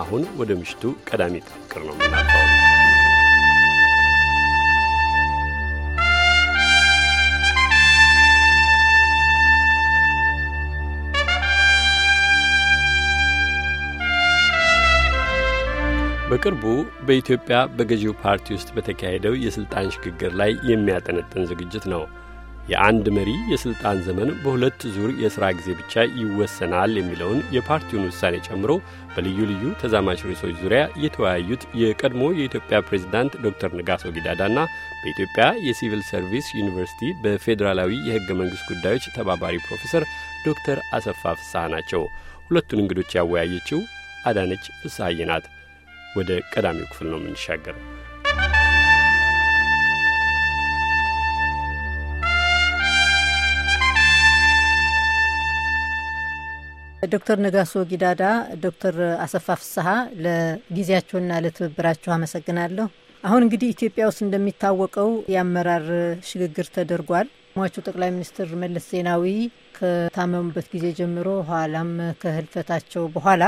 አሁን ወደ ምሽቱ ቀዳሚ ጥንቅር ነው በቅርቡ በኢትዮጵያ በገዢው ፓርቲ ውስጥ በተካሄደው የሥልጣን ሽግግር ላይ የሚያጠነጥን ዝግጅት ነው የአንድ መሪ የሥልጣን ዘመን በሁለት ዙር የሥራ ጊዜ ብቻ ይወሰናል የሚለውን የፓርቲውን ውሳኔ ጨምሮ በልዩ ልዩ ተዛማች ርዕሶች ዙሪያ የተወያዩት የቀድሞ የኢትዮጵያ ፕሬዝዳንት ዶክተር ነጋሶ ጊዳዳና በኢትዮጵያ የሲቪል ሰርቪስ ዩኒቨርሲቲ በፌዴራላዊ የሕገ መንግሥት ጉዳዮች ተባባሪ ፕሮፌሰር ዶክተር አሰፋ ፍስሐ ናቸው። ሁለቱን እንግዶች ያወያየችው አዳነች ፍስሐዬ ናት። ወደ ቀዳሚው ክፍል ነው የምንሻገረው። ዶክተር ነጋሶ ጊዳዳ፣ ዶክተር አሰፋ ፍስሀ ለጊዜያቸውና ለትብብራቸው አመሰግናለሁ። አሁን እንግዲህ ኢትዮጵያ ውስጥ እንደሚታወቀው የአመራር ሽግግር ተደርጓል። ሟቹ ጠቅላይ ሚኒስትር መለስ ዜናዊ ከታመሙበት ጊዜ ጀምሮ ኋላም ከህልፈታቸው በኋላ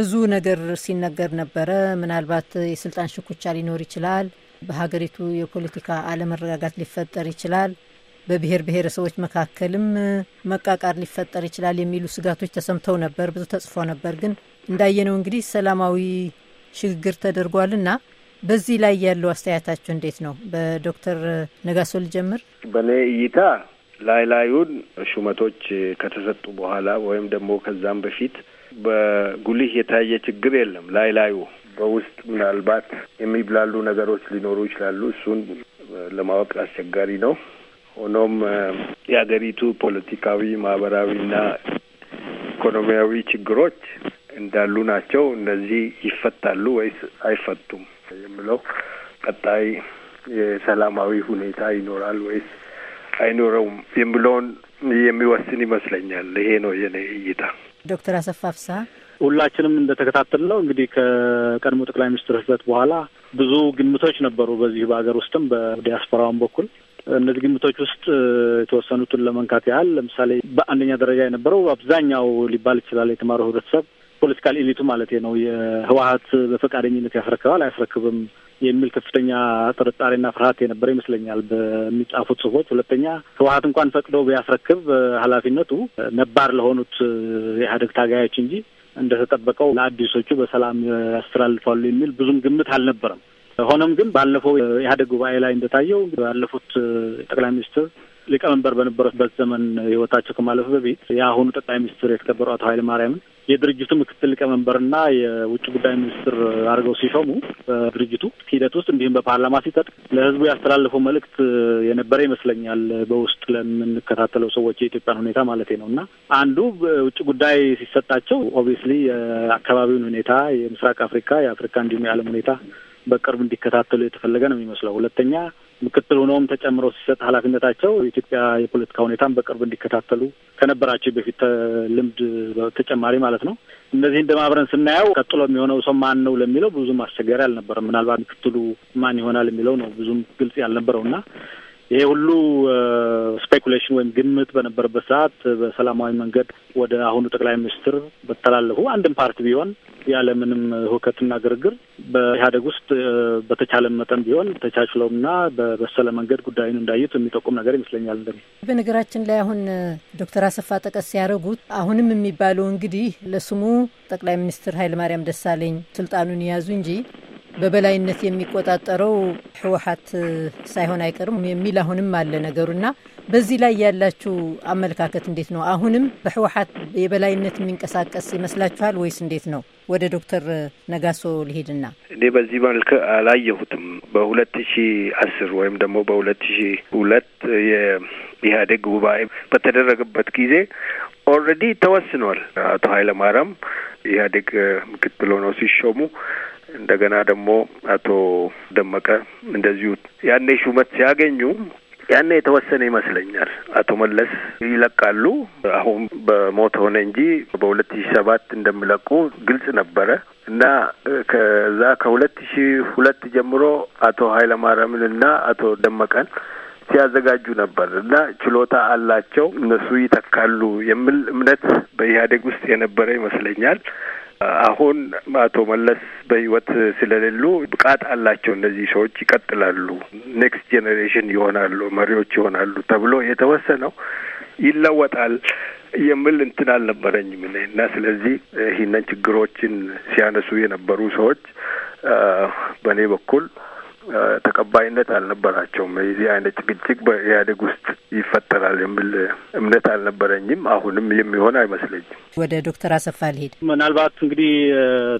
ብዙ ነገር ሲነገር ነበረ። ምናልባት የስልጣን ሽኩቻ ሊኖር ይችላል፣ በሀገሪቱ የፖለቲካ አለመረጋጋት ሊፈጠር ይችላል በብሔር ብሔረሰቦች መካከልም መቃቃር ሊፈጠር ይችላል የሚሉ ስጋቶች ተሰምተው ነበር። ብዙ ተጽፎ ነበር። ግን እንዳየነው እንግዲህ ሰላማዊ ሽግግር ተደርጓልና በዚህ ላይ ያለው አስተያየታቸው እንዴት ነው? በዶክተር ነጋሶ ልጀምር። በእኔ እይታ ላይ ላዩን ሹመቶች ከተሰጡ በኋላ ወይም ደግሞ ከዛም በፊት በጉልህ የታየ ችግር የለም። ላይ ላዩ በውስጥ ምናልባት የሚብላሉ ነገሮች ሊኖሩ ይችላሉ። እሱን ለማወቅ አስቸጋሪ ነው። ሆኖም የሀገሪቱ ፖለቲካዊ ማህበራዊና ኢኮኖሚያዊ ችግሮች እንዳሉ ናቸው። እነዚህ ይፈታሉ ወይስ አይፈቱም የሚለው ቀጣይ የሰላማዊ ሁኔታ ይኖራል ወይስ አይኖረውም የሚለውን የሚወስን ይመስለኛል። ይሄ ነው የኔ እይታ። ዶክተር አሰፋ ፍስሀ ሁላችንም እንደተከታተልነው እንግዲህ ከቀድሞ ጠቅላይ ሚኒስትር ህልፈት በኋላ ብዙ ግምቶች ነበሩ በዚህ በሀገር ውስጥም በዲያስፖራውን በኩል እነዚህ ግምቶች ውስጥ የተወሰኑትን ለመንካት ያህል ለምሳሌ በአንደኛ ደረጃ የነበረው አብዛኛው ሊባል ይችላል የተማረው ህብረተሰብ ፖለቲካል ኤሊቱ ማለት ነው የህወሀት በፈቃደኝነት ያስረክባል አያስረክብም የሚል ከፍተኛ ጥርጣሬና ፍርሀት የነበረ ይመስለኛል በሚጻፉት ጽሁፎች። ሁለተኛ ህወሀት እንኳን ፈቅዶ ቢያስረክብ ኃላፊነቱ ነባር ለሆኑት የኢህአዴግ ታጋዮች እንጂ እንደተጠበቀው ለአዲሶቹ በሰላም ያስተላልፋሉ የሚል ብዙም ግምት አልነበረም። ሆኖም ግን ባለፈው ኢህአዴግ ጉባኤ ላይ እንደታየው ባለፉት ጠቅላይ ሚኒስትር ሊቀመንበር በነበረበት ዘመን ህይወታቸው ከማለፉ በፊት የአሁኑ ጠቅላይ ሚኒስትር የተከበሩ አቶ ኃይለ ማርያምን የድርጅቱ ምክትል ሊቀመንበርና የውጭ ጉዳይ ሚኒስትር አድርገው ሲሾሙ በድርጅቱ ሂደት ውስጥ እንዲሁም በፓርላማ ሲጸድቅ ለህዝቡ ያስተላለፈው መልእክት የነበረ ይመስለኛል። በውስጥ ለምንከታተለው ሰዎች የኢትዮጵያን ሁኔታ ማለት ነው እና አንዱ ውጭ ጉዳይ ሲሰጣቸው ኦብቪየስሊ የአካባቢውን ሁኔታ የምስራቅ አፍሪካ፣ የአፍሪካ እንዲሁም የዓለም ሁኔታ በቅርብ እንዲከታተሉ የተፈለገ ነው የሚመስለው። ሁለተኛ ምክትል ሆነውም ተጨምሮ ሲሰጥ ኃላፊነታቸው የኢትዮጵያ የፖለቲካ ሁኔታን በቅርብ እንዲከታተሉ ከነበራቸው በፊት ልምድ ተጨማሪ ማለት ነው። እነዚህ እንደ ማብረን ስናየው ቀጥሎ የሚሆነው ሰው ማን ነው ለሚለው ብዙም አስቸጋሪ አልነበረም። ምናልባት ምክትሉ ማን ይሆናል የሚለው ነው ብዙም ግልጽ እና ይሄ ሁሉ ስፔኩሌሽን ወይም ግምት በነበረበት ሰዓት በሰላማዊ መንገድ ወደ አሁኑ ጠቅላይ ሚኒስትር በተላለፉ አንድም ፓርቲ ቢሆን ያለምንም ሁከትና ግርግር በኢህአደግ ውስጥ በተቻለ መጠን ቢሆን ተቻችለውና በበሰለ መንገድ ጉዳዩን እንዳዩት የሚጠቁም ነገር ይመስለኛል። እንደ በነገራችን ላይ አሁን ዶክተር አሰፋ ጠቀስ ያደረጉት አሁንም የሚባለው እንግዲህ ለስሙ ጠቅላይ ሚኒስትር ኃይለማርያም ደሳለኝ ስልጣኑን የያዙ እንጂ በበላይነት የሚቆጣጠረው ህወሀት ሳይሆን አይቀርም የሚል አሁንም አለ ነገሩና በዚህ ላይ ያላችሁ አመለካከት እንዴት ነው? አሁንም በህወሀት የበላይነት የሚንቀሳቀስ ይመስላችኋል ወይስ እንዴት ነው? ወደ ዶክተር ነጋሶ ልሄድና እኔ በዚህ መልክ አላየሁትም። በሁለት ሺ አስር ወይም ደግሞ በሁለት ሺ ሁለት የኢህአዴግ ጉባኤ በተደረገበት ጊዜ ኦልሬዲ ተወስኗል። አቶ ኃይለማርያም ኢህአዴግ ምክትል ሆነው ሲሾሙ እንደገና ደግሞ አቶ ደመቀ እንደዚሁ ያኔ ሹመት ሲያገኙ ያኔ የተወሰነ ይመስለኛል። አቶ መለስ ይለቃሉ። አሁን በሞት ሆነ እንጂ በሁለት ሺ ሰባት እንደሚለቁ ግልጽ ነበረ እና ከዛ ከሁለት ሺ ሁለት ጀምሮ አቶ ኃይለማርያምን እና አቶ ደመቀን ሲያዘጋጁ ነበር እና ችሎታ አላቸው እነሱ ይተካሉ የሚል እምነት በኢህአዴግ ውስጥ የነበረ ይመስለኛል። አሁን አቶ መለስ በህይወት ስለሌሉ ብቃት አላቸው እነዚህ ሰዎች ይቀጥላሉ፣ ኔክስት ጄኔሬሽን ይሆናሉ፣ መሪዎች ይሆናሉ ተብሎ የተወሰነው ይለወጣል የሚል እንትን አልነበረኝም እኔ እና ስለዚህ ይህንን ችግሮችን ሲያነሱ የነበሩ ሰዎች በእኔ በኩል ተቀባይነት አልነበራቸውም። የዚህ አይነት ጭቅጭቅ በኢህአዴግ ውስጥ ይፈጠራል የሚል እምነት አልነበረኝም። አሁንም የሚሆን አይመስለኝም። ወደ ዶክተር አሰፋ ልሄድ። ምናልባት እንግዲህ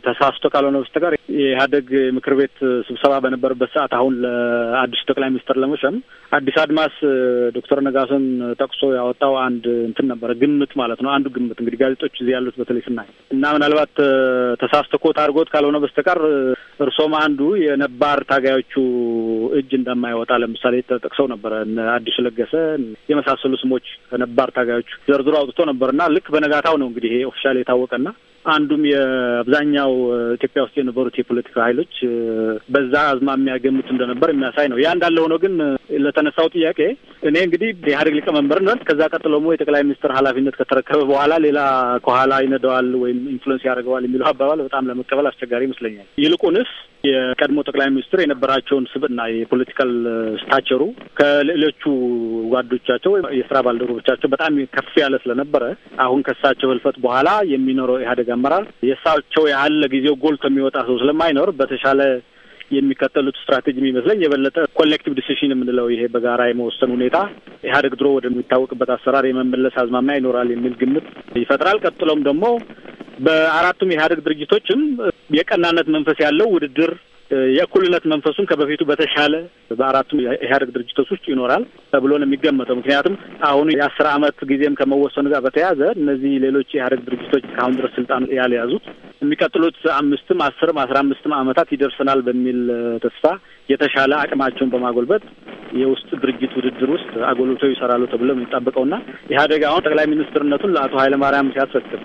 ተሳስቶ ካልሆነ በስተቀር የኢህአዴግ ምክር ቤት ስብሰባ በነበረበት ሰዓት አሁን ለአዲሱ ጠቅላይ ሚኒስትር ለመሸም አዲስ አድማስ ዶክተር ነጋሶን ጠቅሶ ያወጣው አንድ እንትን ነበረ፣ ግምት ማለት ነው። አንዱ ግምት እንግዲህ ጋዜጦች እዚህ ያሉት በተለይ ስናይ እና ምናልባት ተሳስቶ ኮት አድርጎት ካልሆነ በስተቀር እርሶም አንዱ የነባር ታጋዮች እጅ እንደማይወጣ ለምሳሌ ተጠቅሰው ነበረ። አዲሱ ለገሰ የመሳሰሉ ስሞች ነባር ታጋዮች ዘርዝሮ አውጥቶ ነበርና ልክ በነጋታው ነው እንግዲህ ይሄ ኦፊሻል የታወቀና አንዱም የአብዛኛው ኢትዮጵያ ውስጥ የነበሩት የፖለቲካ ኃይሎች በዛ አዝማሚያ ገምት እንደነበር የሚያሳይ ነው። ያ እንዳለ ሆኖ ግን ለተነሳው ጥያቄ እኔ እንግዲህ የኢህአዴግ ሊቀመንበርነት ከዛ ቀጥሎ ሞ የጠቅላይ ሚኒስትር ኃላፊነት ከተረከበ በኋላ ሌላ ከኋላ ይነደዋል ወይም ኢንፍሉዌንስ ያደርገዋል የሚለው አባባል በጣም ለመቀበል አስቸጋሪ ይመስለኛል። ይልቁንስ የቀድሞ ጠቅላይ ሚኒስትር የነበራቸውን ስብዕና የፖለቲካል ስታቸሩ ከሌሎቹ ጓዶቻቸው ወይም የስራ ባልደረቦቻቸው በጣም ከፍ ያለ ስለነበረ አሁን ከሳቸው ህልፈት በኋላ የሚኖረው ኢህአዴግ አመራር የእሳቸው ያህል ለጊዜው ጎልቶ የሚወጣ ሰው ስለማይኖር በተሻለ የሚከተሉት ስትራቴጂ የሚመስለኝ የበለጠ ኮሌክቲቭ ዲሲሽን የምንለው ይሄ በጋራ የመወሰን ሁኔታ ኢህአዴግ ድሮ ወደሚታወቅበት አሰራር የመመለስ አዝማሚያ ይኖራል የሚል ግምት ይፈጥራል። ቀጥሎም ደግሞ በአራቱም የኢህአዴግ ድርጅቶችም የቀናነት መንፈስ ያለው ውድድር የእኩልነት መንፈሱም ከበፊቱ በተሻለ በአራቱም ኢህአደግ ድርጅቶች ውስጥ ይኖራል ተብሎ ነው የሚገመተው። ምክንያቱም አሁኑ የአስር አመት ጊዜም ከመወሰኑ ጋር በተያያዘ እነዚህ ሌሎች ኢህአደግ ድርጅቶች ከአሁን ድረስ ስልጣን ያልያዙት የሚቀጥሉት አምስትም አስርም አስራ አምስትም አመታት ይደርሰናል በሚል ተስፋ የተሻለ አቅማቸውን በማጎልበት የውስጥ ድርጅት ውድድር ውስጥ አጎልብተው ይሰራሉ ተብሎ የሚጠበቀውና ኢህአዴግ አሁን ጠቅላይ ሚኒስትርነቱን ለአቶ ኃይለማርያም ሲያስረክብ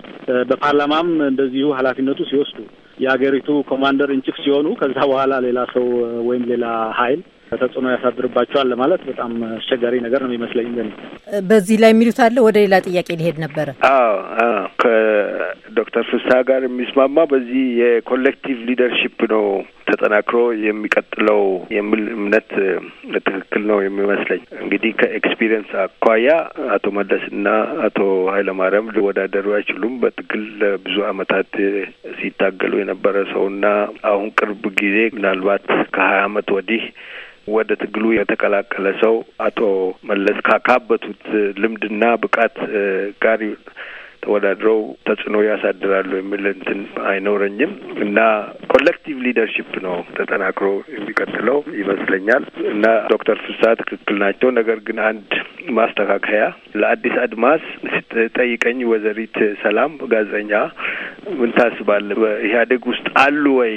በፓርላማም እንደዚሁ ኃላፊነቱ ሲወስዱ የሀገሪቱ ኮማንደር ኢንቺፍ ሲሆኑ ከዛ በኋላ ሌላ ሰው ወይም ሌላ ኃይል ተጽዕኖ ያሳድርባቸዋል ለማለት በጣም አስቸጋሪ ነገር ነው የሚመስለኝ። ዘ በዚህ ላይ የሚሉት አለ። ወደ ሌላ ጥያቄ ሊሄድ ነበረ። አዎ ከዶክተር ፍስሀ ጋር የሚስማማ በዚህ የኮሌክቲቭ ሊደርሺፕ ነው ተጠናክሮ የሚቀጥለው የሚል እምነት ትክክል ነው የሚመስለኝ። እንግዲህ ከኤክስፒሪየንስ አኳያ አቶ መለስ አቶ ኃይለማርያም ሊወዳደሩ አይችሉም። በትግል ለብዙ አመታት ሲታገሉ የነበረ ሰውና አሁን ቅርብ ጊዜ ምናልባት ከሀያ ዓመት ወዲህ ወደ ትግሉ የተቀላቀለ ሰው አቶ መለስ ካካበቱት ልምድና ብቃት ጋር ተወዳድረው ተጽዕኖ ያሳድራሉ የሚል እንትን አይኖረኝም እና ኮሌክቲቭ ሊደርሽፕ ነው ተጠናክሮ የሚቀጥለው ይመስለኛል እና ዶክተር ፍሳ ትክክል ናቸው። ነገር ግን አንድ ማስተካከያ ለአዲስ አድማስ ስትጠይቀኝ ወይዘሪት ሰላም ጋዜጠኛ ምን ታስባለ በኢህአዴግ ውስጥ አሉ ወይ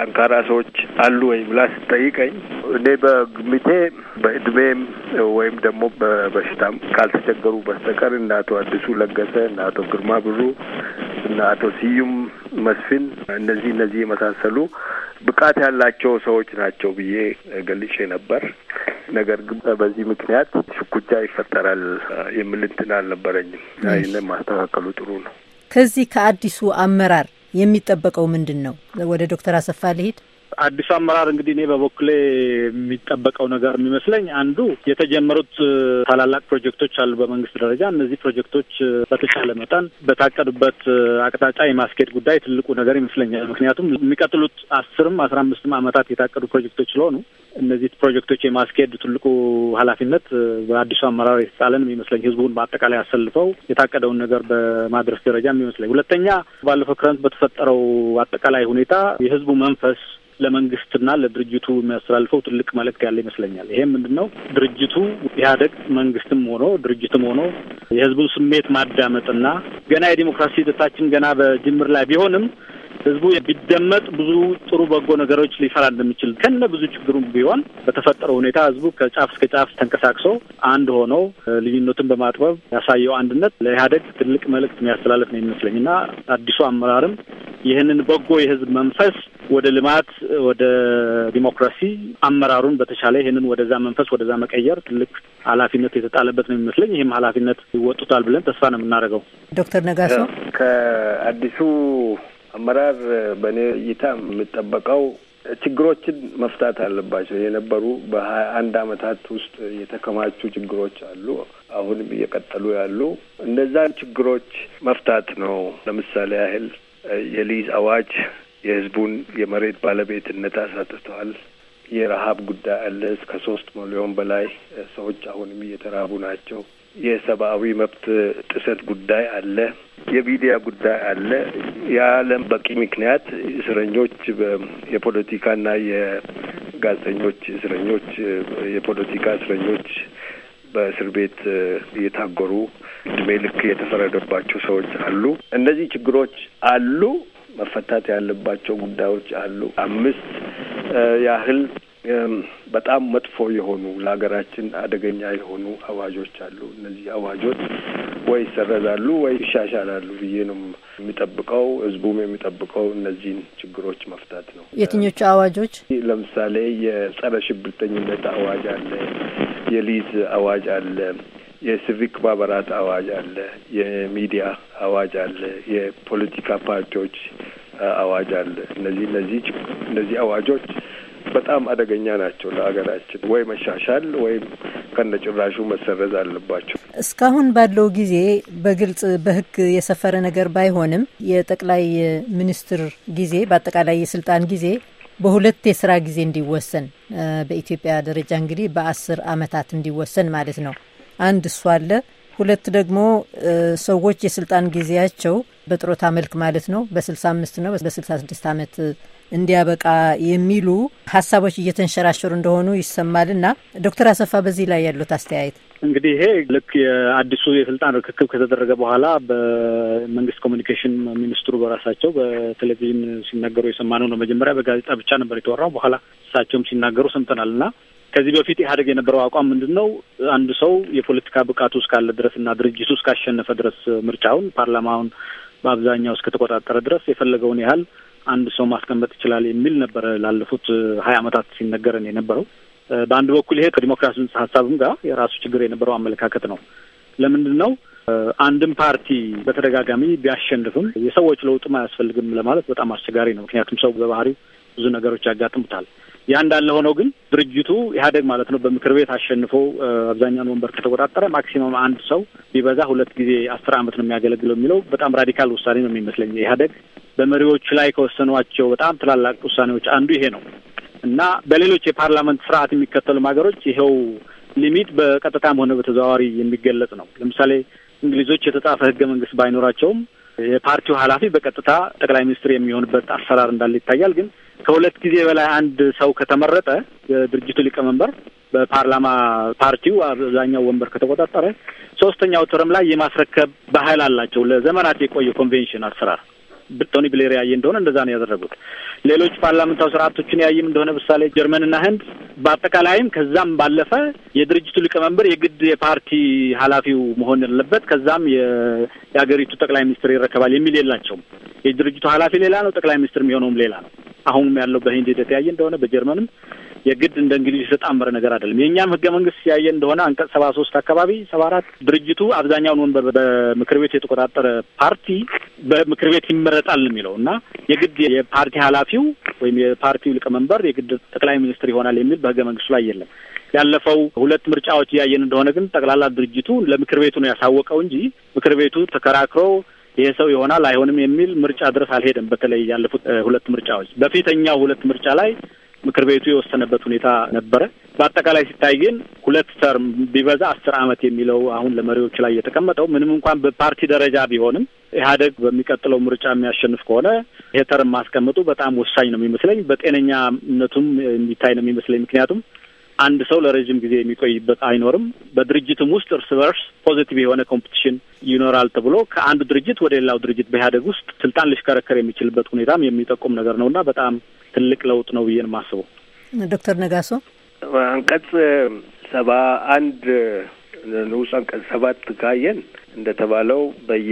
ጠንካራ ሰዎች አሉ ወይ ብላ ስጠይቀኝ እኔ በግምቴ በእድሜም ወይም ደግሞ በበሽታም ካልተቸገሩ በስተቀር እና አቶ አዲሱ ለገሰ እና አቶ ግርማ ብሩ እና አቶ ስዩም መስፍን እነዚህ እነዚህ የመሳሰሉ ብቃት ያላቸው ሰዎች ናቸው ብዬ ገልጬ ነበር። ነገር ግን በዚህ ምክንያት ሽኩቻ ይፈጠራል የሚል እንትን አልነበረኝም። ይህን ማስተካከሉ ጥሩ ነው። ከዚህ ከአዲሱ አመራር የሚጠበቀው ምንድን ነው? ወደ ዶክተር አሰፋ ልሂድ። አዲሱ አመራር እንግዲህ እኔ በበኩሌ የሚጠበቀው ነገር የሚመስለኝ አንዱ የተጀመሩት ታላላቅ ፕሮጀክቶች አሉ በመንግስት ደረጃ። እነዚህ ፕሮጀክቶች በተቻለ መጠን በታቀዱበት አቅጣጫ የማስኬድ ጉዳይ ትልቁ ነገር ይመስለኛል። ምክንያቱም የሚቀጥሉት አስርም አስራ አምስትም ዓመታት የታቀዱ ፕሮጀክቶች ስለሆኑ እነዚህ ፕሮጀክቶች የማስኬድ ትልቁ ኃላፊነት በአዲሱ አመራር የተጣለን የሚመስለኝ ህዝቡን በአጠቃላይ አሰልፈው የታቀደውን ነገር በማድረስ ደረጃ የሚመስለኝ። ሁለተኛ ባለፈው ክረምት በተፈጠረው አጠቃላይ ሁኔታ የህዝቡ መንፈስ ለመንግስትና ለድርጅቱ የሚያስተላልፈው ትልቅ መልእክት ያለ ይመስለኛል። ይሄ ምንድን ነው ድርጅቱ ኢህአደግ መንግስትም ሆኖ ድርጅትም ሆኖ የህዝቡን ስሜት ማዳመጥና ገና የዲሞክራሲ ሂደታችን ገና በጅምር ላይ ቢሆንም ህዝቡ ቢደመጥ ብዙ ጥሩ በጎ ነገሮች ሊሰራ እንደሚችል ከነ ብዙ ችግሩም ቢሆን በተፈጠረው ሁኔታ ህዝቡ ከጫፍ እስከ ጫፍ ተንቀሳቅሶ አንድ ሆኖ ልዩነቱን በማጥበብ ያሳየው አንድነት ለኢህአዴግ ትልቅ መልእክት የሚያስተላለፍ ነው ይመስለኝ እና አዲሱ አመራርም ይህንን በጎ የህዝብ መንፈስ ወደ ልማት፣ ወደ ዲሞክራሲ አመራሩን በተሻለ ይህንን ወደዛ መንፈስ ወደዛ መቀየር ትልቅ ኃላፊነት የተጣለበት ነው የሚመስለኝ። ይህም ኃላፊነት ይወጡታል ብለን ተስፋ ነው የምናደርገው። ዶክተር ነጋሶ ከአዲሱ አመራር በእኔ እይታ የሚጠበቀው ችግሮችን መፍታት አለባቸው። የነበሩ በሀያ አንድ አመታት ውስጥ የተከማቹ ችግሮች አሉ፣ አሁንም እየቀጠሉ ያሉ እነዛን ችግሮች መፍታት ነው። ለምሳሌ ያህል የሊዝ አዋጅ የህዝቡን የመሬት ባለቤትነት አሳጥተዋል። የረሀብ ጉዳይ አለ። እስከ ሶስት ሚሊዮን በላይ ሰዎች አሁንም እየተራቡ ናቸው። የሰብአዊ መብት ጥሰት ጉዳይ አለ፣ የሚዲያ ጉዳይ አለ። የዓለም በቂ ምክንያት እስረኞች የፖለቲካና የጋዜጠኞች እስረኞች የፖለቲካ እስረኞች በእስር ቤት እየታገሩ እድሜ ልክ የተፈረደባቸው ሰዎች አሉ። እነዚህ ችግሮች አሉ። መፈታት ያለባቸው ጉዳዮች አሉ። አምስት ያህል በጣም መጥፎ የሆኑ ለሀገራችን አደገኛ የሆኑ አዋጆች አሉ። እነዚህ አዋጆች ወይ ይሰረዛሉ ወይ ይሻሻላሉ ብዬ ነው የሚጠብቀው። ህዝቡም የሚጠብቀው እነዚህን ችግሮች መፍታት ነው። የትኞቹ አዋጆች? ለምሳሌ የጸረ ሽብርተኝነት አዋጅ አለ፣ የሊዝ አዋጅ አለ፣ የሲቪክ ማህበራት አዋጅ አለ፣ የሚዲያ አዋጅ አለ፣ የፖለቲካ ፓርቲዎች አዋጅ አለ። እነዚህ እነዚህ እነዚህ አዋጆች በጣም አደገኛ ናቸው ለሀገራችን። ወይ መሻሻል ወይም ጭራሹ መሰረዝ አለባቸው። እስካሁን ባለው ጊዜ በግልጽ በህግ የሰፈረ ነገር ባይሆንም የጠቅላይ ሚኒስትር ጊዜ በአጠቃላይ የስልጣን ጊዜ በሁለት የስራ ጊዜ እንዲወሰን በኢትዮጵያ ደረጃ እንግዲህ በአስር አመታት እንዲወሰን ማለት ነው። አንድ እሱ አለ። ሁለት ደግሞ ሰዎች የስልጣን ጊዜያቸው በጥሮታ መልክ ማለት ነው በ65 ነው በ66 ዓመት እንዲያበቃ የሚሉ ሀሳቦች እየተንሸራሸሩ እንደሆኑ ይሰማልና ዶክተር አሰፋ በዚህ ላይ ያሉት አስተያየት እንግዲህ ይሄ ልክ የአዲሱ የስልጣን ርክክብ ከተደረገ በኋላ በመንግስት ኮሚኒኬሽን ሚኒስትሩ በራሳቸው በቴሌቪዥን ሲናገሩ የሰማነው ነው። መጀመሪያ በጋዜጣ ብቻ ነበር የተወራው። በኋላ እሳቸውም ሲናገሩ ሰምተናል እና ከዚህ በፊት ኢህአዴግ የነበረው አቋም ምንድን ነው? አንድ ሰው የፖለቲካ ብቃቱ እስካለ ድረስ እና ድርጅቱ እስካሸነፈ ድረስ ምርጫውን፣ ፓርላማውን በአብዛኛው እስከተቆጣጠረ ድረስ የፈለገውን ያህል አንድ ሰው ማስቀመጥ ይችላል የሚል ነበረ ላለፉት ሀያ ዓመታት ሲነገረን የነበረው። በአንድ በኩል ይሄ ከዲሞክራሲ ጽንሰ ሀሳብም ጋር የራሱ ችግር የነበረው አመለካከት ነው። ለምንድን ነው አንድም ፓርቲ በተደጋጋሚ ቢያሸንፍም የሰዎች ለውጥም አያስፈልግም ለማለት በጣም አስቸጋሪ ነው። ምክንያቱም ሰው በባህሪው ብዙ ነገሮች ያጋጥሙታል። ያ እንዳለ ሆነው ግን ድርጅቱ ኢህአዴግ ማለት ነው በምክር ቤት አሸንፎ አብዛኛውን ወንበር ከተቆጣጠረ ማክሲመም አንድ ሰው ቢበዛ ሁለት ጊዜ አስር ዓመት ነው የሚያገለግለው የሚለው በጣም ራዲካል ውሳኔ ነው የሚመስለኝ። ኢህአዴግ በመሪዎች ላይ ከወሰኗቸው በጣም ትላላቅ ውሳኔዎች አንዱ ይሄ ነው እና በሌሎች የፓርላመንት ስርዓት የሚከተሉም ሀገሮች ይኸው ሊሚት በቀጥታም ሆነ በተዘዋዋሪ የሚገለጽ ነው። ለምሳሌ እንግሊዞች የተጻፈ ህገ መንግስት ባይኖራቸውም የፓርቲው ኃላፊ በቀጥታ ጠቅላይ ሚኒስትር የሚሆንበት አሰራር እንዳለ ይታያል። ግን ከሁለት ጊዜ በላይ አንድ ሰው ከተመረጠ የድርጅቱ ሊቀመንበር በፓርላማ ፓርቲው አብዛኛው ወንበር ከተቆጣጠረ ሶስተኛው ተርም ላይ የማስረከብ ባህል አላቸው። ለዘመናት የቆየ ኮንቬንሽን አሰራር ቶኒ ብሌር ያየ እንደሆነ እንደዛ ነው ያደረጉት። ሌሎች ፓርላመንታዊ ስርዓቶችን ያይም እንደሆነ ምሳሌ ጀርመንና ህንድ፣ በአጠቃላይም ከዛም ባለፈ የድርጅቱ ሊቀመንበር የግድ የፓርቲ ኃላፊው መሆን ያለበት ከዛም የሀገሪቱ ጠቅላይ ሚኒስትር ይረከባል የሚል የላቸውም። የድርጅቱ ኃላፊ ሌላ ነው፣ ጠቅላይ ሚኒስትር የሚሆነውም ሌላ ነው። አሁንም ያለው በህንድ ሂደት ያየ እንደሆነ በጀርመንም የግድ እንደ እንግሊዝ የተጣመረ ነገር አይደለም። የእኛም ህገ መንግስት ያየ እንደሆነ አንቀጽ ሰባ ሶስት አካባቢ ሰባ አራት ድርጅቱ አብዛኛውን ወንበር በምክር ቤት የተቆጣጠረ ፓርቲ በምክር ቤት ይመረጣል የሚለው እና የግድ የፓርቲ ኃላፊው ወይም የፓርቲው ሊቀመንበር የግድ ጠቅላይ ሚኒስትር ይሆናል የሚል በህገ መንግስቱ ላይ የለም። ያለፈው ሁለት ምርጫዎች እያየን እንደሆነ ግን ጠቅላላ ድርጅቱ ለምክር ቤቱ ነው ያሳወቀው እንጂ ምክር ቤቱ ተከራክሮ ይሄ ሰው ይሆናል አይሆንም የሚል ምርጫ ድረስ አልሄደም። በተለይ ያለፉት ሁለት ምርጫዎች በፊተኛው ሁለት ምርጫ ላይ ምክር ቤቱ የወሰነበት ሁኔታ ነበረ። በአጠቃላይ ሲታይ ግን ሁለት ተርም ቢበዛ አስር አመት የሚለው አሁን ለመሪዎች ላይ የተቀመጠው ምንም እንኳን በፓርቲ ደረጃ ቢሆንም ኢህአደግ በሚቀጥለው ምርጫ የሚያሸንፍ ከሆነ ይሄ ተርም ማስቀመጡ በጣም ወሳኝ ነው የሚመስለኝ። በጤነኛነቱም የሚታይ ነው የሚመስለኝ ምክንያቱም አንድ ሰው ለረዥም ጊዜ የሚቆይበት አይኖርም። በድርጅትም ውስጥ እርስ በርስ ፖዚቲቭ የሆነ ኮምፒቲሽን ይኖራል ተብሎ ከአንድ ድርጅት ወደ ሌላው ድርጅት በኢህአዴግ ውስጥ ስልጣን ሊሽከረከር የሚችልበት ሁኔታም የሚጠቁም ነገር ነው እና በጣም ትልቅ ለውጥ ነው ብዬን ነው የማስበው። ዶክተር ነጋሶ አንቀጽ ሰባ አንድ ንዑስ አንቀጽ ሰባት ካየን እንደተባለው በየ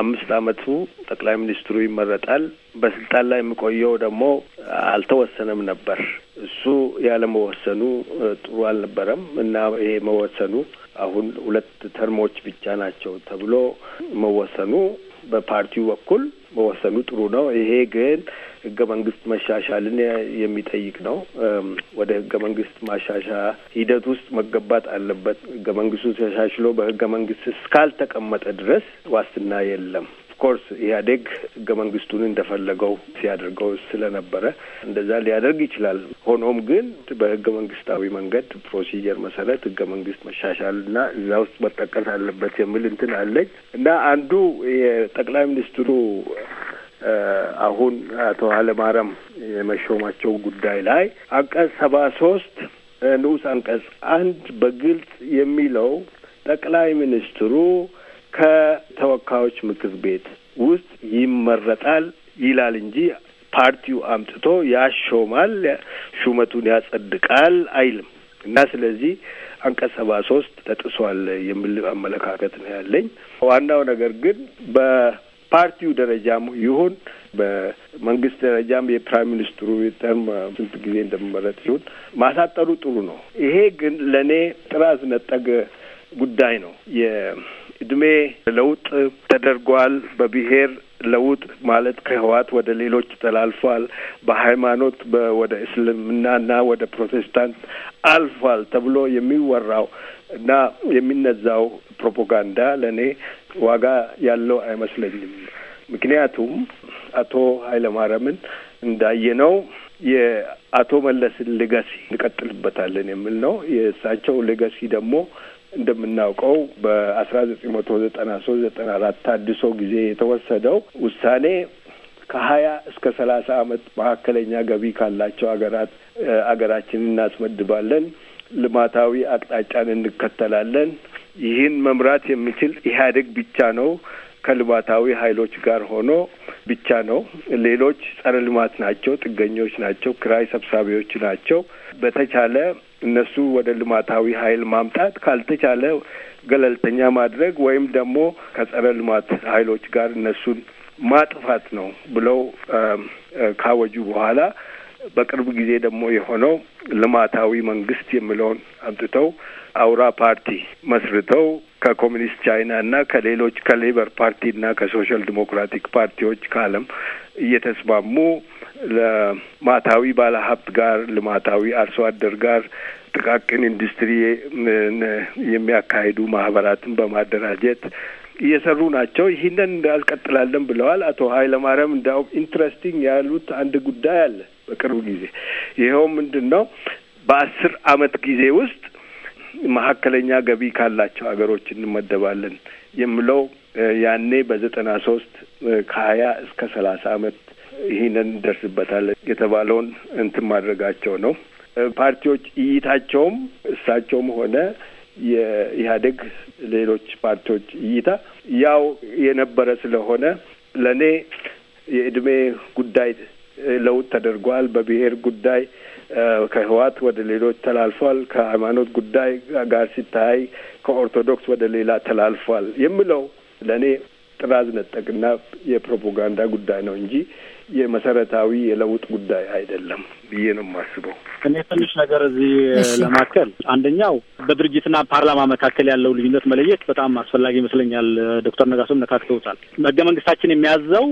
አምስት አመቱ ጠቅላይ ሚኒስትሩ ይመረጣል። በስልጣን ላይ የሚቆየው ደግሞ አልተወሰነም ነበር። እሱ ያለመወሰኑ ጥሩ አልነበረም እና ይሄ መወሰኑ አሁን ሁለት ተርሞች ብቻ ናቸው ተብሎ መወሰኑ በፓርቲው በኩል መወሰኑ ጥሩ ነው። ይሄ ግን ህገ መንግስት መሻሻልን የሚጠይቅ ነው። ወደ ህገ መንግስት ማሻሻ ሂደት ውስጥ መገባት አለበት። ህገ መንግስቱ ተሻሽሎ በህገ መንግስት እስካልተቀመጠ ድረስ ዋስትና የለም። ኦፍኮርስ ኢህአዴግ ህገ መንግስቱን እንደፈለገው ሲያደርገው ስለነበረ እንደዛ ሊያደርግ ይችላል። ሆኖም ግን በህገ መንግስታዊ መንገድ ፕሮሲጀር መሰረት ህገ መንግስት መሻሻል እና እዛ ውስጥ መጠቀስ አለበት የሚል እንትን አለኝ እና አንዱ የጠቅላይ ሚኒስትሩ አሁን አቶ ኃይለማርያም የመሾማቸው ጉዳይ ላይ አንቀጽ ሰባ ሶስት ንዑስ አንቀጽ አንድ በግልጽ የሚለው ጠቅላይ ሚኒስትሩ ከተወካዮች ምክር ቤት ውስጥ ይመረጣል ይላል እንጂ ፓርቲው አምጥቶ ያሾማል፣ ሹመቱን ያጸድቃል አይልም እና ስለዚህ አንቀጽ ሰባ ሶስት ተጥሷል የሚል አመለካከት ነው ያለኝ። ዋናው ነገር ግን በ በፓርቲው ደረጃም ይሁን በመንግስት ደረጃም የፕራይም ሚኒስትሩ ተርም ስንት ጊዜ እንደሚመረጥ ይሁን ማሳጠሩ ጥሩ ነው። ይሄ ግን ለእኔ ጥራዝ ነጠቅ ጉዳይ ነው። የእድሜ ለውጥ ተደርጓል። በብሄር ለውጥ ማለት ከህዋት ወደ ሌሎች ተላልፏል። በሃይማኖት ወደ እስልምናና ወደ ፕሮቴስታንት አልፏል ተብሎ የሚወራው እና የሚነዛው ፕሮፓጋንዳ ለእኔ ዋጋ ያለው አይመስለኝም። ምክንያቱም አቶ ኃይለማርያምን እንዳየነው የአቶ መለስን ሌጋሲ እንቀጥልበታለን የሚል ነው። የእሳቸው ሌጋሲ ደግሞ እንደምናውቀው በአስራ ዘጠኝ መቶ ዘጠና ሶስት ዘጠና አራት ታድሶ ጊዜ የተወሰደው ውሳኔ ከሀያ እስከ ሰላሳ አመት መካከለኛ ገቢ ካላቸው ሀገራት አገራችን እናስመድባለን ልማታዊ አቅጣጫን እንከተላለን። ይህን መምራት የሚችል ኢህአዴግ ብቻ ነው። ከልማታዊ ኃይሎች ጋር ሆኖ ብቻ ነው። ሌሎች ጸረ ልማት ናቸው፣ ጥገኞች ናቸው፣ ክራይ ሰብሳቢዎች ናቸው። በተቻለ እነሱ ወደ ልማታዊ ኃይል ማምጣት ካልተቻለ ገለልተኛ ማድረግ ወይም ደግሞ ከጸረ ልማት ኃይሎች ጋር እነሱን ማጥፋት ነው ብለው ካወጁ በኋላ በቅርብ ጊዜ ደግሞ የሆነው ልማታዊ መንግስት የሚለውን አምጥተው አውራ ፓርቲ መስርተው ከኮሚኒስት ቻይና እና ከሌሎች ከሌበር ፓርቲ እና ከሶሻል ዲሞክራቲክ ፓርቲዎች ከዓለም እየተስማሙ ለማታዊ ባለሀብት ጋር ልማታዊ አርሶ አደር ጋር ጥቃቅን ኢንዱስትሪ የሚያካሂዱ ማህበራትን በማደራጀት እየሰሩ ናቸው። ይህንን እንዳልቀጥላለን ብለዋል አቶ ኃይለማርያም። እንዲያውም ኢንትረስቲንግ ያሉት አንድ ጉዳይ አለ። በቅርቡ ጊዜ ይኸው ምንድን ነው በአስር አመት ጊዜ ውስጥ መካከለኛ ገቢ ካላቸው ሀገሮች እንመደባለን የምለው ያኔ በዘጠና ሶስት ከሀያ እስከ ሰላሳ አመት ይህንን እንደርስበታለን የተባለውን እንትን ማድረጋቸው ነው። ፓርቲዎች እይታቸውም እሳቸውም ሆነ የኢህአዴግ ሌሎች ፓርቲዎች እይታ ያው የነበረ ስለሆነ ለእኔ የእድሜ ጉዳይ ለውጥ ተደርጓል። በብሔር ጉዳይ ከህዋት ወደ ሌሎች ተላልፏል። ከሃይማኖት ጉዳይ ጋር ሲታይ ከኦርቶዶክስ ወደ ሌላ ተላልፏል የሚለው ለእኔ ጥራዝ ነጠቅና የፕሮፓጋንዳ ጉዳይ ነው እንጂ የመሰረታዊ የለውጥ ጉዳይ አይደለም ብዬ ነው የማስበው። እኔ ትንሽ ነገር እዚህ ለማከል አንደኛው በድርጅትና ፓርላማ መካከል ያለው ልዩነት መለየት በጣም አስፈላጊ ይመስለኛል። ዶክተር ነጋሶም ነካክተውታል። ህገ መንግስታችን የሚያዘው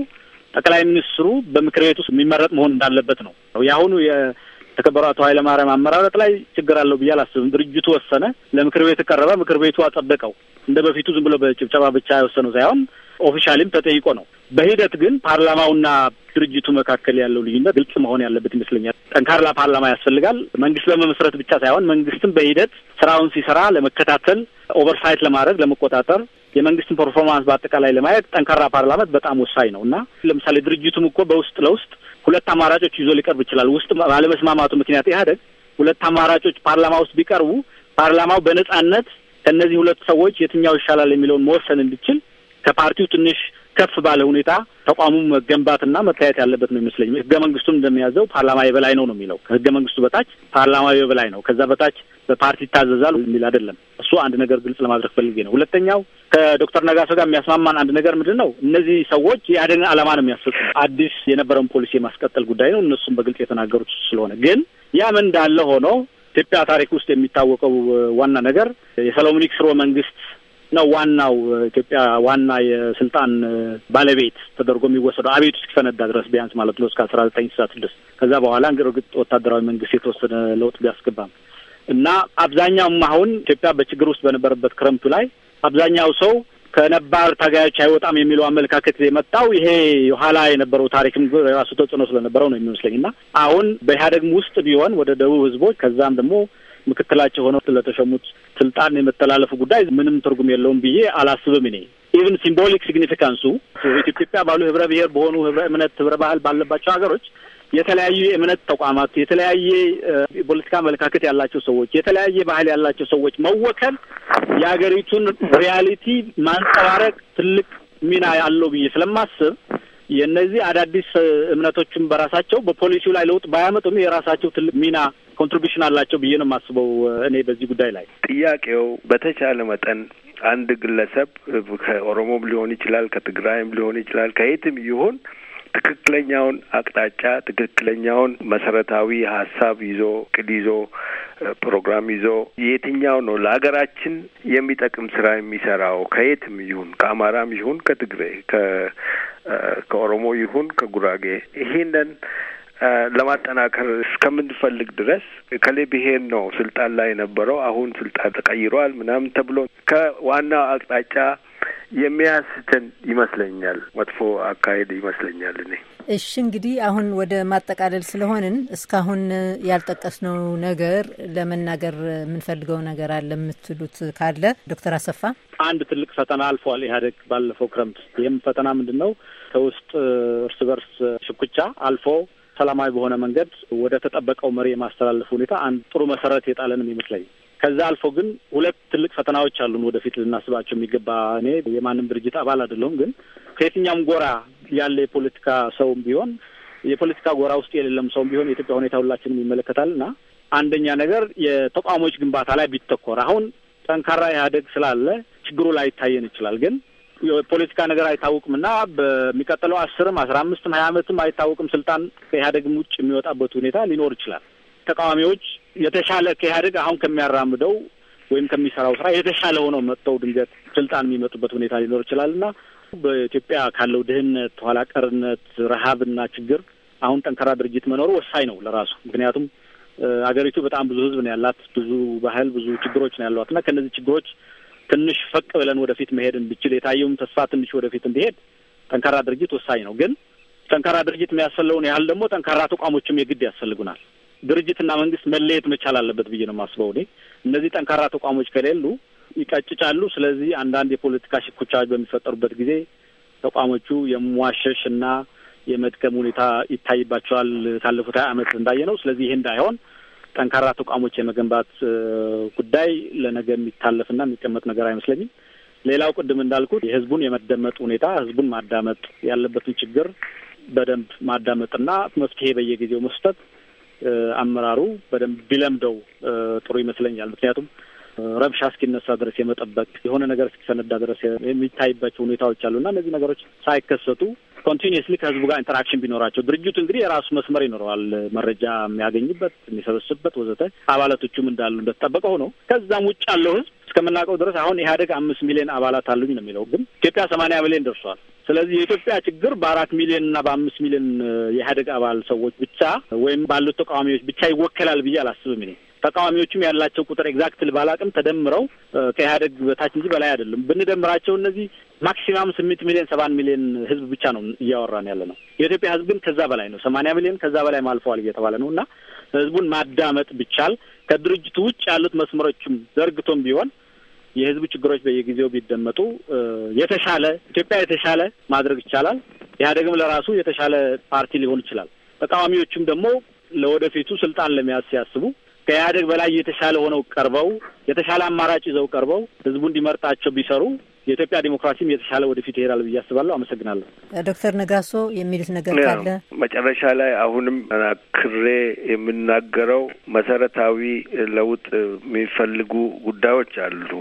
ጠቅላይ ሚኒስትሩ በምክር ቤት ውስጥ የሚመረጥ መሆን እንዳለበት ነው። የአሁኑ የተከበሩ አቶ ማርያም አመራረጥ ላይ ችግር አለው ብዬ አላስብም። ድርጅቱ ወሰነ፣ ለምክር ቤት ቀረበ፣ ምክር ቤቱ አጸደቀው። እንደ በፊቱ ዝም ብሎ በጭብጨባ ብቻ የወሰነው ሳይሆን ኦፊሻሊም ተጠይቆ ነው። በሂደት ግን ፓርላማውና ድርጅቱ መካከል ያለው ልዩነት ግልጽ መሆን ያለበት ይመስለኛል። ጠንካራ ፓርላማ ያስፈልጋል። መንግስት ለመመስረት ብቻ ሳይሆን መንግስትም በሂደት ስራውን ሲሰራ ለመከታተል ኦቨርሳይት ለማድረግ ለመቆጣጠር የመንግስትን ፐርፎርማንስ በአጠቃላይ ለማየት ጠንካራ ፓርላመንት በጣም ወሳኝ ነው እና ለምሳሌ ድርጅቱም እኮ በውስጥ ለውስጥ ሁለት አማራጮች ይዞ ሊቀርብ ይችላል። ውስጥ ባለመስማማቱ ምክንያት ኢህአደግ ሁለት አማራጮች ፓርላማ ውስጥ ቢቀርቡ ፓርላማው በነጻነት ከእነዚህ ሁለት ሰዎች የትኛው ይሻላል የሚለውን መወሰን እንዲችል ከፓርቲው ትንሽ ከፍ ባለ ሁኔታ ተቋሙ መገንባትና መታየት ያለበት ነው ይመስለኝ። ህገ መንግስቱም እንደሚያዘው ፓርላማ የበላይ ነው ነው የሚለው። ከህገ መንግስቱ በታች ፓርላማ የበላይ ነው፣ ከዛ በታች በፓርቲ ይታዘዛል የሚል አይደለም። እሱ አንድ ነገር ግልጽ ለማድረግ ፈልጌ ነው። ሁለተኛው ከዶክተር ነጋሶ ጋር የሚያስማማን አንድ ነገር ምንድን ነው? እነዚህ ሰዎች የአደን አላማ ነው የሚያስፈጽሙ። አዲስ የነበረውን ፖሊሲ የማስቀጠል ጉዳይ ነው። እነሱም በግልጽ የተናገሩት ስለሆነ ግን ያም እንዳለ ሆኖ ኢትዮጵያ ታሪክ ውስጥ የሚታወቀው ዋና ነገር የሰሎሞኒክ ስርወ መንግስት ነው ዋናው ኢትዮጵያ ዋና የስልጣን ባለቤት ተደርጎ የሚወሰደው አቤቱ እስኪፈነዳ ድረስ ቢያንስ ማለት ነው እስከ አስራ ዘጠኝ ስልሳ ስድስት ከዛ በኋላ እንግዲህ እርግጥ ወታደራዊ መንግስት የተወሰነ ለውጥ ቢያስገባም እና አብዛኛውም አሁን ኢትዮጵያ በችግር ውስጥ በነበረበት ክረምቱ ላይ አብዛኛው ሰው ከነባር ታጋዮች አይወጣም የሚለው አመለካከት የመጣው ይሄ የኋላ የነበረው ታሪክም የራሱ ተጽዕኖ ስለነበረው ነው የሚመስለኝ እና አሁን በኢህአደግም ውስጥ ቢሆን ወደ ደቡብ ህዝቦች ከዛም ደግሞ ምክትላቸው ሆነው ስለተሸሙት ስልጣን የመተላለፉ ጉዳይ ምንም ትርጉም የለውም ብዬ አላስብም። እኔ ኢቭን ሲምቦሊክ ሲግኒፊካንሱ ኢትዮጵያ ባሉ ህብረ ብሔር በሆኑ ህብረ እምነት፣ ህብረ ባህል ባለባቸው ሀገሮች የተለያዩ የእምነት ተቋማት፣ የተለያየ የፖለቲካ አመለካከት ያላቸው ሰዎች፣ የተለያየ ባህል ያላቸው ሰዎች መወከል የሀገሪቱን ሪያሊቲ ማንጸባረቅ ትልቅ ሚና ያለው ብዬ ስለማስብ የእነዚህ አዳዲስ እምነቶችም በራሳቸው በፖሊሲው ላይ ለውጥ ባያመጡም የራሳቸው ትልቅ ሚና ኮንትሪቢሽን አላቸው ብዬ ነው የማስበው እኔ በዚህ ጉዳይ ላይ ጥያቄው በተቻለ መጠን አንድ ግለሰብ ከኦሮሞም ሊሆን ይችላል፣ ከትግራይም ሊሆን ይችላል፣ ከየትም ይሁን ትክክለኛውን አቅጣጫ ትክክለኛውን መሰረታዊ ሀሳብ ይዞ ቅድ ይዞ ፕሮግራም ይዞ የትኛው ነው ለሀገራችን የሚጠቅም ስራ የሚሰራው ከየትም ይሁን ከአማራም ይሁን ከትግሬ ከኦሮሞ ይሁን ከጉራጌ ይህንን ለማጠናከር እስከምንፈልግ ድረስ ከሌ ብሄር ነው ስልጣን ላይ የነበረው አሁን ስልጣን ተቀይሯል ምናምን ተብሎ ከዋናው አቅጣጫ የሚያስትን ይመስለኛል። መጥፎ አካሄድ ይመስለኛል። እኔ እሺ፣ እንግዲህ አሁን ወደ ማጠቃለል ስለሆንን እስካሁን ያልጠቀስነው ነገር ለመናገር የምንፈልገው ነገር አለ የምትሉት ካለ ዶክተር አሰፋ አንድ ትልቅ ፈተና አልፏል ኢህአዴግ ባለፈው ክረምት። ይህም ፈተና ምንድን ነው? ከውስጥ እርስ በርስ ሽኩቻ አልፎ ሰላማዊ በሆነ መንገድ ወደ ተጠበቀው መሪ የማስተላለፍ ሁኔታ አንድ ጥሩ መሰረት የጣለንም ይመስለኝ። ከዛ አልፎ ግን ሁለት ትልቅ ፈተናዎች አሉን ወደፊት ልናስባቸው የሚገባ። እኔ የማንም ድርጅት አባል አይደለሁም፣ ግን ከየትኛውም ጎራ ያለ የፖለቲካ ሰውም ቢሆን የፖለቲካ ጎራ ውስጥ የሌለም ሰውም ቢሆን የኢትዮጵያ ሁኔታ ሁላችንም ይመለከታልና አንደኛ ነገር የተቋሞች ግንባታ ላይ ቢተኮር አሁን ጠንካራ ኢህአዴግ ስላለ ችግሩ ላይ ይታየን ይችላል። ግን የፖለቲካ ነገር አይታወቅም እና በሚቀጥለው አስርም አስራ አምስትም ሀያ ዓመትም አይታወቅም። ስልጣን ከኢህአዴግም ውጭ የሚወጣበት ሁኔታ ሊኖር ይችላል። ተቃዋሚዎች የተሻለ ከኢህአዴግ አሁን ከሚያራምደው ወይም ከሚሰራው ስራ የተሻለ ሆነው መጥተው ድንገት ስልጣን የሚመጡበት ሁኔታ ሊኖር ይችላል እና በኢትዮጵያ ካለው ድህነት፣ ኋላ ቀርነት፣ ረሀብና ችግር አሁን ጠንካራ ድርጅት መኖሩ ወሳኝ ነው ለራሱ ምክንያቱም አገሪቱ በጣም ብዙ ህዝብ ነው ያላት፣ ብዙ ባህል፣ ብዙ ችግሮች ነው ያሏት እና ከእነዚህ ችግሮች ትንሽ ፈቅ ብለን ወደፊት መሄድ እንድችል የታየውም ተስፋ ትንሽ ወደፊት እንዲሄድ ጠንካራ ድርጅት ወሳኝ ነው። ግን ጠንካራ ድርጅት የሚያስፈልገውን ያህል ደግሞ ጠንካራ ተቋሞችም የግድ ያስፈልጉናል። ድርጅትና መንግስት መለየት መቻል አለበት ብዬ ነው የማስበው እኔ። እነዚህ ጠንካራ ተቋሞች ከሌሉ ይቀጭጫሉ። ስለዚህ አንዳንድ የፖለቲካ ሽኩቻዎች በሚፈጠሩበት ጊዜ ተቋሞቹ የሟሸሽ እና የመጥቀም ሁኔታ ይታይባቸዋል። ካለፉት ሀያ አመት እንዳየ ነው። ስለዚህ ይሄ እንዳይሆን ጠንካራ ተቋሞች የመገንባት ጉዳይ ለነገ የሚታለፍና የሚቀመጥ ነገር አይመስለኝም። ሌላው ቅድም እንዳልኩት የህዝቡን የመደመጥ ሁኔታ ህዝቡን ማዳመጥ ያለበትን ችግር በደንብ ማዳመጥና መፍትሄ በየጊዜው መስጠት አመራሩ በደንብ ቢለምደው ጥሩ ይመስለኛል። ምክንያቱም ረብሻ እስኪነሳ ድረስ የመጠበቅ የሆነ ነገር እስኪሰነዳ ድረስ የሚታይባቸው ሁኔታዎች አሉ እና እነዚህ ነገሮች ሳይከሰቱ ኮንቲኒስሊ ከህዝቡ ጋር ኢንተራክሽን ቢኖራቸው ድርጅቱ እንግዲህ የራሱ መስመር ይኖረዋል። መረጃ የሚያገኝበት፣ የሚሰበስብበት ወዘተ አባላቶቹም እንዳሉ እንደተጠበቀ ሆኖ ከዛም ውጭ ያለው ህዝብ እስከምናውቀው ድረስ አሁን ኢህአዴግ አምስት ሚሊዮን አባላት አሉኝ ነው የሚለው፣ ግን ኢትዮጵያ ሰማንያ ሚሊዮን ደርሷል። ስለዚህ የኢትዮጵያ ችግር በአራት ሚሊዮን እና በአምስት ሚሊዮን የኢህአዴግ አባል ሰዎች ብቻ ወይም ባሉት ተቃዋሚዎች ብቻ ይወከላል ብዬ አላስብም እኔ ተቃዋሚዎቹም ያላቸው ቁጥር ኤግዛክትል ባላቅም ተደምረው ከኢህአደግ በታች እንጂ በላይ አይደለም። ብንደምራቸው እነዚህ ማክሲማም ስምንት ሚሊዮን ሰባን ሚሊዮን ህዝብ ብቻ ነው እያወራን ያለ ነው። የኢትዮጵያ ህዝብ ግን ከዛ በላይ ነው። ሰማንያ ሚሊዮን ከዛ በላይ ማልፈዋል እየተባለ ነው እና ህዝቡን ማዳመጥ ብቻል ከድርጅቱ ውጭ ያሉት መስመሮችም ዘርግቶም ቢሆን የህዝቡ ችግሮች በየጊዜው ቢደመጡ የተሻለ ኢትዮጵያ የተሻለ ማድረግ ይቻላል። ኢህአደግም ለራሱ የተሻለ ፓርቲ ሊሆን ይችላል። ተቃዋሚዎቹም ደግሞ ለወደፊቱ ስልጣን ለመያዝ ሲያስቡ ከኢህአደግ በላይ የተሻለ ሆነው ቀርበው የተሻለ አማራጭ ይዘው ቀርበው ህዝቡ እንዲመርጣቸው ቢሰሩ የኢትዮጵያ ዲሞክራሲም የተሻለ ወደፊት ይሄዳል ብዬ አስባለሁ። አመሰግናለሁ። ዶክተር ነጋሶ የሚሉት ነገር ካለ መጨረሻ ላይ አሁንም ክሬ የምናገረው መሰረታዊ ለውጥ የሚፈልጉ ጉዳዮች አሉ።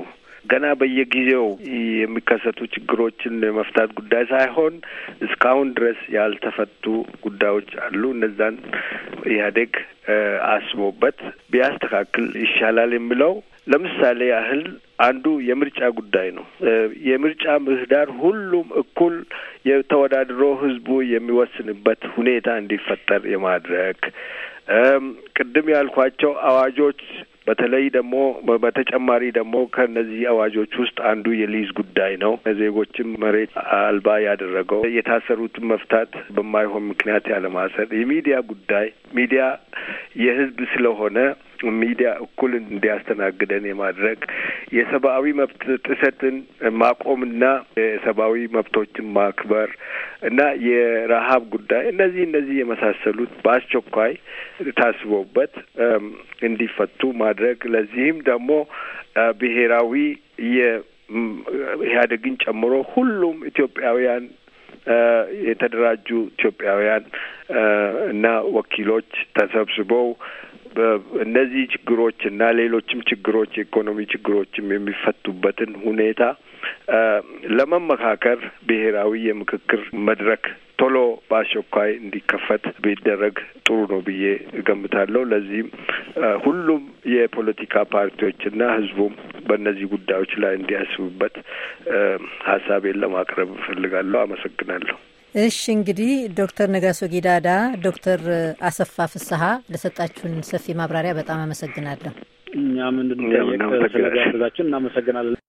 ገና በየጊዜው የሚከሰቱ ችግሮችን የመፍታት ጉዳይ ሳይሆን እስካሁን ድረስ ያልተፈቱ ጉዳዮች አሉ። እነዛን ኢህአዴግ አስቦበት ቢያስተካክል ይሻላል የሚለው ለምሳሌ ያህል አንዱ የምርጫ ጉዳይ ነው። የምርጫ ምህዳር ሁሉም እኩል የተወዳድሮ ህዝቡ የሚወስንበት ሁኔታ እንዲፈጠር የማድረግ ቅድም ያልኳቸው አዋጆች በተለይ ደግሞ በተጨማሪ ደግሞ ከነዚህ አዋጆች ውስጥ አንዱ የሊዝ ጉዳይ ነው። ዜጎችም መሬት አልባ ያደረገው የታሰሩትን መፍታት በማይሆን ምክንያት ያለማሰር፣ የሚዲያ ጉዳይ ሚዲያ የህዝብ ስለሆነ ሚዲያ እኩል እንዲያስተናግደን የማድረግ የሰብአዊ መብት ጥሰትን ማቆምና የሰብአዊ መብቶችን ማክበር እና የረሀብ ጉዳይ እነዚህ እነዚህ የመሳሰሉት በአስቸኳይ ታስቦበት እንዲፈቱ ማድረግ ለዚህም ደግሞ ብሔራዊ የኢህአዴግን ጨምሮ ሁሉም ኢትዮጵያውያን የተደራጁ ኢትዮጵያውያን እና ወኪሎች ተሰብስበው እነዚህ ችግሮች እና ሌሎችም ችግሮች የኢኮኖሚ ችግሮችም የሚፈቱበትን ሁኔታ ለመመካከር ብሔራዊ የምክክር መድረክ ቶሎ በአስቸኳይ እንዲከፈት ቢደረግ ጥሩ ነው ብዬ እገምታለሁ። ለዚህም ሁሉም የፖለቲካ ፓርቲዎችና ህዝቡም በእነዚህ ጉዳዮች ላይ እንዲያስቡበት ሀሳቤን ለማቅረብ እፈልጋለሁ። አመሰግናለሁ። እሺ እንግዲህ ዶክተር ነጋሶ ጊዳዳ፣ ዶክተር አሰፋ ፍስሀ ለሰጣችሁን ሰፊ ማብራሪያ በጣም አመሰግናለሁ። እኛም እንድንጠየቅ ስለጋበዛችን እናመሰግናለን።